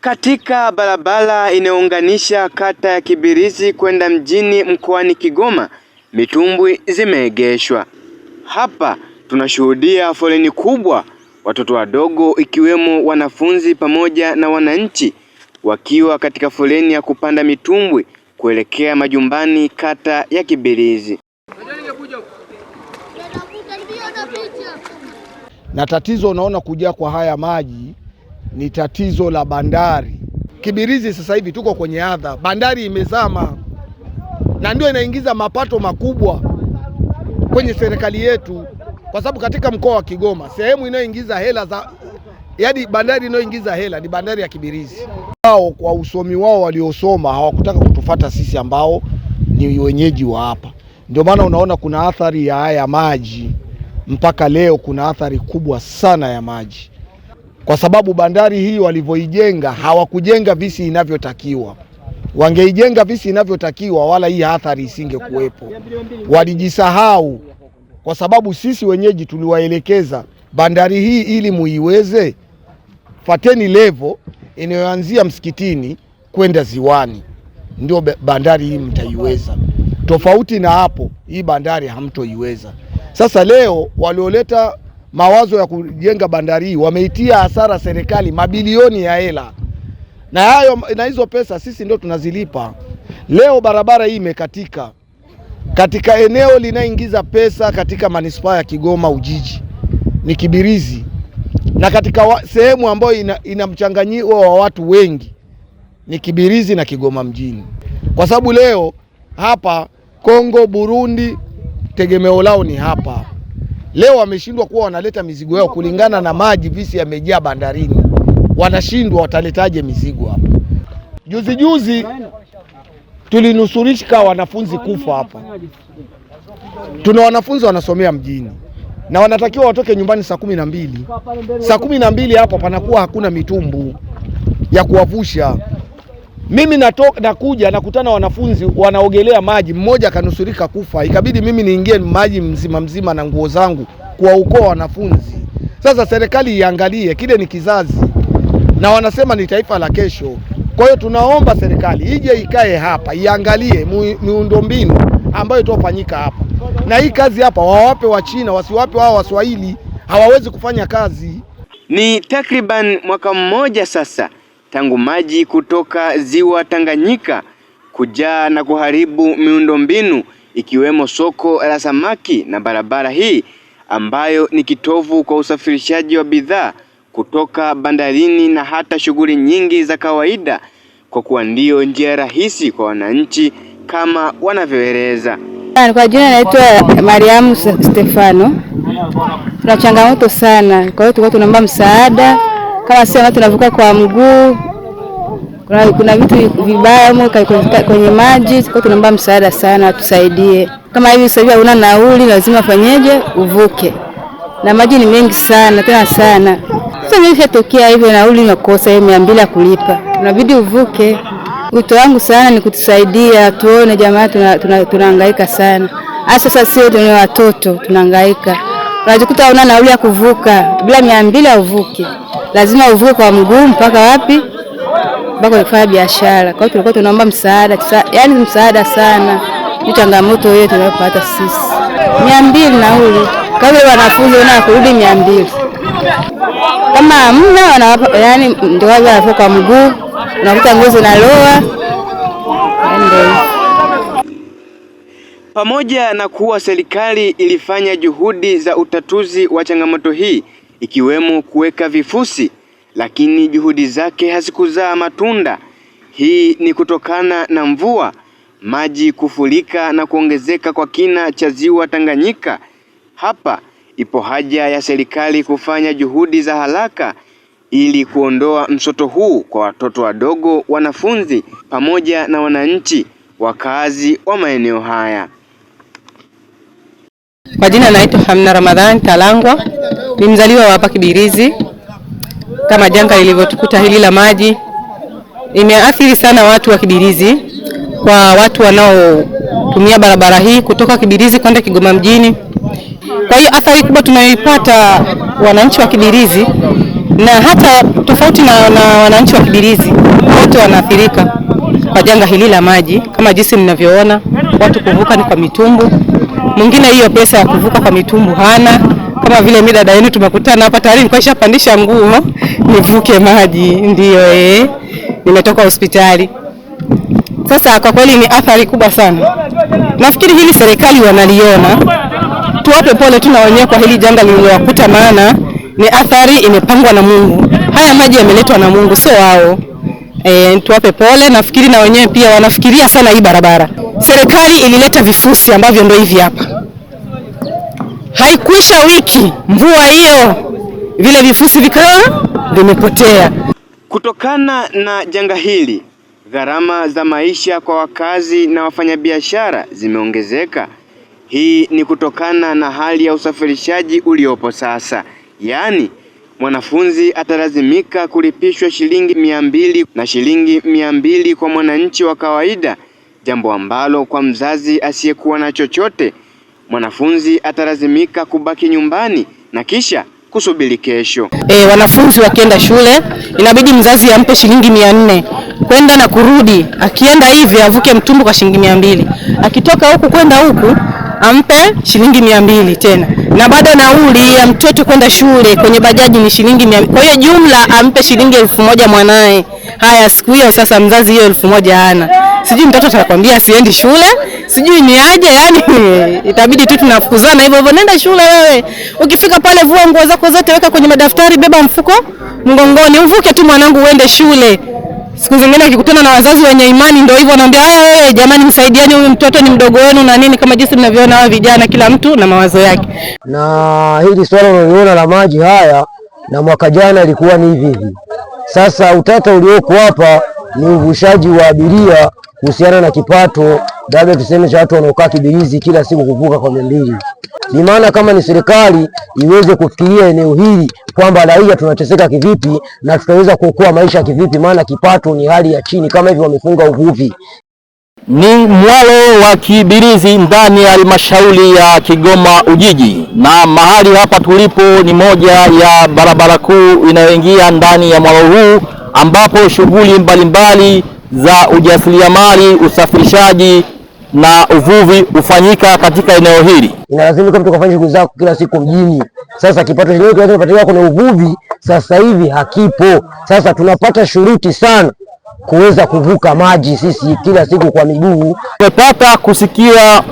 Katika barabara inayounganisha kata ya Kibirizi kwenda mjini mkoani Kigoma, mitumbwi zimeegeshwa. Hapa tunashuhudia foleni kubwa, watoto wadogo ikiwemo wanafunzi pamoja na wananchi wakiwa katika foleni ya kupanda mitumbwi kuelekea majumbani kata ya Kibirizi. Na tatizo unaona kujaa kwa haya maji ni tatizo la bandari Kibirizi. Sasa hivi tuko kwenye adha, bandari imezama na ndio inaingiza mapato makubwa kwenye serikali yetu, kwa sababu katika mkoa wa Kigoma sehemu inayoingiza hela za yaani bandari inayoingiza hela ni bandari ya Kibirizi. Wao kwa usomi wao waliosoma hawakutaka kutufata sisi ambao ni wenyeji wa hapa, ndio maana unaona kuna athari ya haya maji mpaka leo, kuna athari kubwa sana ya maji kwa sababu bandari hii walivyoijenga hawakujenga visi inavyotakiwa. Wangeijenga visi inavyotakiwa, wala hii athari isingekuwepo. Walijisahau, kwa sababu sisi wenyeji tuliwaelekeza bandari hii ili muiweze fateni levo inayoanzia msikitini kwenda ziwani, ndio bandari hii mtaiweza. Tofauti na hapo, hii bandari hamtoiweza. Sasa leo walioleta mawazo ya kujenga bandari hii wameitia hasara serikali mabilioni ya hela, na hayo na hizo pesa sisi ndio tunazilipa. Leo barabara hii imekatika katika eneo linaingiza pesa katika manispaa ya Kigoma Ujiji, ni Kibirizi na katika sehemu ambayo ina, ina mchanganyiko wa watu wengi ni Kibirizi na Kigoma mjini, kwa sababu leo hapa Kongo, Burundi tegemeo lao ni hapa. Leo wameshindwa kuwa wanaleta mizigo yao kulingana na maji visi yamejaa bandarini, wanashindwa wataletaje mizigo hapa. Juzi juzi tulinusurishika wanafunzi kufa hapa, tuna wanafunzi wanasomea mjini na wanatakiwa watoke nyumbani saa kumi na mbili. Saa kumi na mbili hapa panakuwa hakuna mitumbu ya kuwavusha. Mimi natoka nakuja nakutana wanafunzi wanaogelea maji, mmoja akanusurika kufa, ikabidi mimi niingie maji mzima mzima na nguo zangu kuwaokoa wanafunzi. Sasa serikali iangalie kile ni kizazi, na wanasema ni taifa la kesho. Kwa hiyo tunaomba serikali ije ikae hapa iangalie miundombinu ambayo itofanyika hapa na hii kazi hapa wawape Wachina, wasiwape wao Waswahili, hawawezi kufanya kazi. Ni takriban mwaka mmoja sasa tangu maji kutoka ziwa Tanganyika kujaa na kuharibu miundombinu ikiwemo soko la samaki na barabara hii ambayo ni kitovu kwa usafirishaji wa bidhaa kutoka bandarini na hata shughuli nyingi za kawaida, kwa kuwa ndiyo njia rahisi kwa wananchi kama wanavyoeleza. Ah, kwa jina naitwa Mariamu Stefano. Tuna changamoto sana, kwa hiyo tulikuwa tunaomba msaada, kama sisi ambao tunavuka kwa mguu, kuna, kuna vitu vibaya huko kwenye maji, kwa tunaomba msaada sana, tusaidie. Kama hivi sasa hivi hauna nauli, lazima ufanyeje uvuke, na maji ni mengi sana tena sana. Sasa hivi shatokea hivyo, nauli nakosa hiyo mia mbili ya kulipa, unabidi uvuke. Wito wangu sana ni kutusaidia, tuone jamaa, tunahangaika sana hasa sasa. Sisi tuna watoto tunahangaika, unajikuta una nauli ya kuvuka bila mia mbili auvuki lazima uvuke kwa mguu mpaka wapi, mpaka kufanya biashara. Kwa hiyo tulikuwa tunaomba msaada, yani msaada sana, ni changamoto yetu tunayopata sisi. mia mbili nauli kama wanafunzi wana kurudi mia mbili kama hamna, yani ndio wao kwa mguu unakuta nguo zinaloa. Pamoja na kuwa serikali ilifanya juhudi za utatuzi wa changamoto hii ikiwemo kuweka vifusi, lakini juhudi zake hazikuzaa matunda. Hii ni kutokana na mvua, maji kufurika na kuongezeka kwa kina cha ziwa Tanganyika. Hapa ipo haja ya serikali kufanya juhudi za haraka ili kuondoa msoto huu kwa watoto wadogo, wanafunzi pamoja na wananchi wakazi wa maeneo haya. Kwa jina naitwa Hamna Ramadhan Talangwa, ni mzaliwa wa hapa Kibirizi. Kama janga lilivyotukuta hili la maji, imeathiri sana watu wa Kibirizi, kwa watu wanaotumia barabara hii kutoka Kibirizi kwenda Kigoma mjini. Kwa hiyo athari kubwa tunayoipata wananchi wa Kibirizi na hata tofauti na, na wananchi wa Kibirizi wote wanaathirika kwa janga hili la maji. Kama jinsi mnavyoona, watu kuvuka ni kwa mitumbu, mwingine hiyo pesa ya kuvuka kwa mitumbu hana. Kama vile mimi dada yenu tumekutana hapa tayari, nikaishapandisha nguo nivuke maji, ndio eh, nimetoka hospitali. Sasa kwa kweli ni athari kubwa sana. Nafikiri hili serikali wanaliona, tuwape pole tu na wenyewe kwa hili janga lililowakuta, maana ni athari imepangwa na Mungu. Haya maji yameletwa na Mungu, sio wao. E, tuwape pole. Nafikiri na wenyewe pia wanafikiria sana hii barabara. Serikali ilileta vifusi ambavyo ndio hivi hapa, haikuisha wiki mvua hiyo, vile vifusi vikawa vimepotea. Kutokana na janga hili, gharama za maisha kwa wakazi na wafanyabiashara zimeongezeka. Hii ni kutokana na hali ya usafirishaji uliopo sasa yaani mwanafunzi atalazimika kulipishwa shilingi mia mbili na shilingi mia mbili kwa mwananchi wa kawaida, jambo ambalo kwa mzazi asiyekuwa na chochote mwanafunzi atalazimika kubaki nyumbani na kisha kusubiri kesho. E, wanafunzi wakienda shule inabidi mzazi ampe shilingi mia nne kwenda na kurudi. Akienda hivi avuke mtumbu kwa shilingi mia mbili, akitoka huku kwenda huku ampe shilingi mia mbili tena, na bado nauli ya mtoto kwenda shule kwenye bajaji ni shilingi mia mbili. Kwa hiyo jumla ampe shilingi elfu moja mwanaye. Haya, siku hiyo sasa mzazi hiyo elfu moja hana, sijui mtoto atakwambia siendi shule, sijui ni aje. Yani itabidi tu tunafukuzana hivyo hivyo, nenda shule wewe. Ukifika pale, vua nguo zako zote, weka kwenye madaftari, beba mfuko mgongoni, uvuke tu mwanangu, uende shule siku zingine akikutana na wazazi wenye imani ndio hivyo anaambia hey, eh, eh, eh, jamani msaidiani huyu mtoto ni mdogo wenu na nini, kama jinsi mnavyoona hawa vijana, kila mtu na mawazo yake. Na hili swala unaliona la maji haya, na mwaka jana ilikuwa ni hivi hivi. Sasa utata ulioko hapa ni uvushaji wa abiria kuhusiana na kipato labda tuseme cha watu wanaokaa Kibirizi kila siku kuvuka kwa mbili. Ni maana kama ni serikali iweze kufikiria eneo hili kwamba raia tunateseka kivipi na tutaweza kuokoa maisha kivipi, maana kipato ni hali ya chini. Kama hivyo wamefunga uvuvi ni mwalo wa Kibirizi ndani ya halmashauri ya Kigoma Ujiji, na mahali hapa tulipo ni moja ya barabara kuu inayoingia ndani ya mwalo huu, ambapo shughuli mbalimbali za ujasiriamali, usafirishaji na uvuvi hufanyika katika eneo hili. Inalazimika mtu kufanya shughuli zako kila siku mjini. Sasa kipato chenyewe kupatikana kwenye uvuvi sasa hivi hakipo. Sasa tunapata shuruti sana kuweza kuvuka maji sisi kila siku kwa miguu. Tumepata kusikia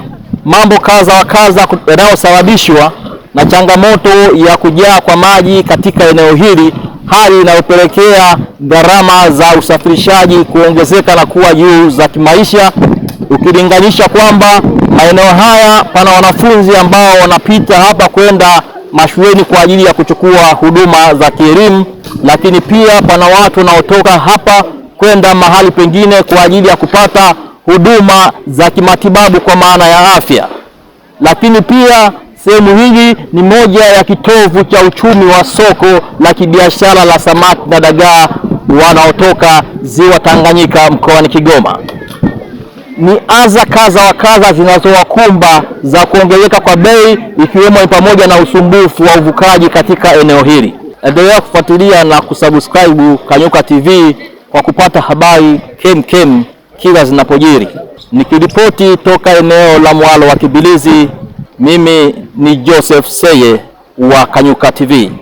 mambo kadha wa kadha yanayosababishwa na changamoto ya kujaa kwa maji katika eneo hili, hali inayopelekea gharama za usafirishaji kuongezeka na kuwa juu za kimaisha ukilinganisha kwamba maeneo haya pana wanafunzi ambao wanapita hapa kwenda mashuleni kwa ajili ya kuchukua huduma za kielimu, lakini pia pana watu wanaotoka hapa kwenda mahali pengine kwa ajili ya kupata huduma za kimatibabu kwa maana ya afya. Lakini pia sehemu hii ni moja ya kitovu cha uchumi wa soko la kibiashara la samaki na dagaa wanaotoka ziwa Tanganyika mkoani Kigoma ni adha kadha wa kadha zinazowakumba za kuongezeka kwa bei, ikiwemo ni pamoja na usumbufu wa uvukaji katika eneo hili. Endelea kufuatilia na kusubscribe Kanyuka TV kwa kupata habari kem kila zinapojiri. Nikiripoti toka eneo la mwalo wa Kibilizi, mimi ni Joseph Seye wa Kanyuka TV.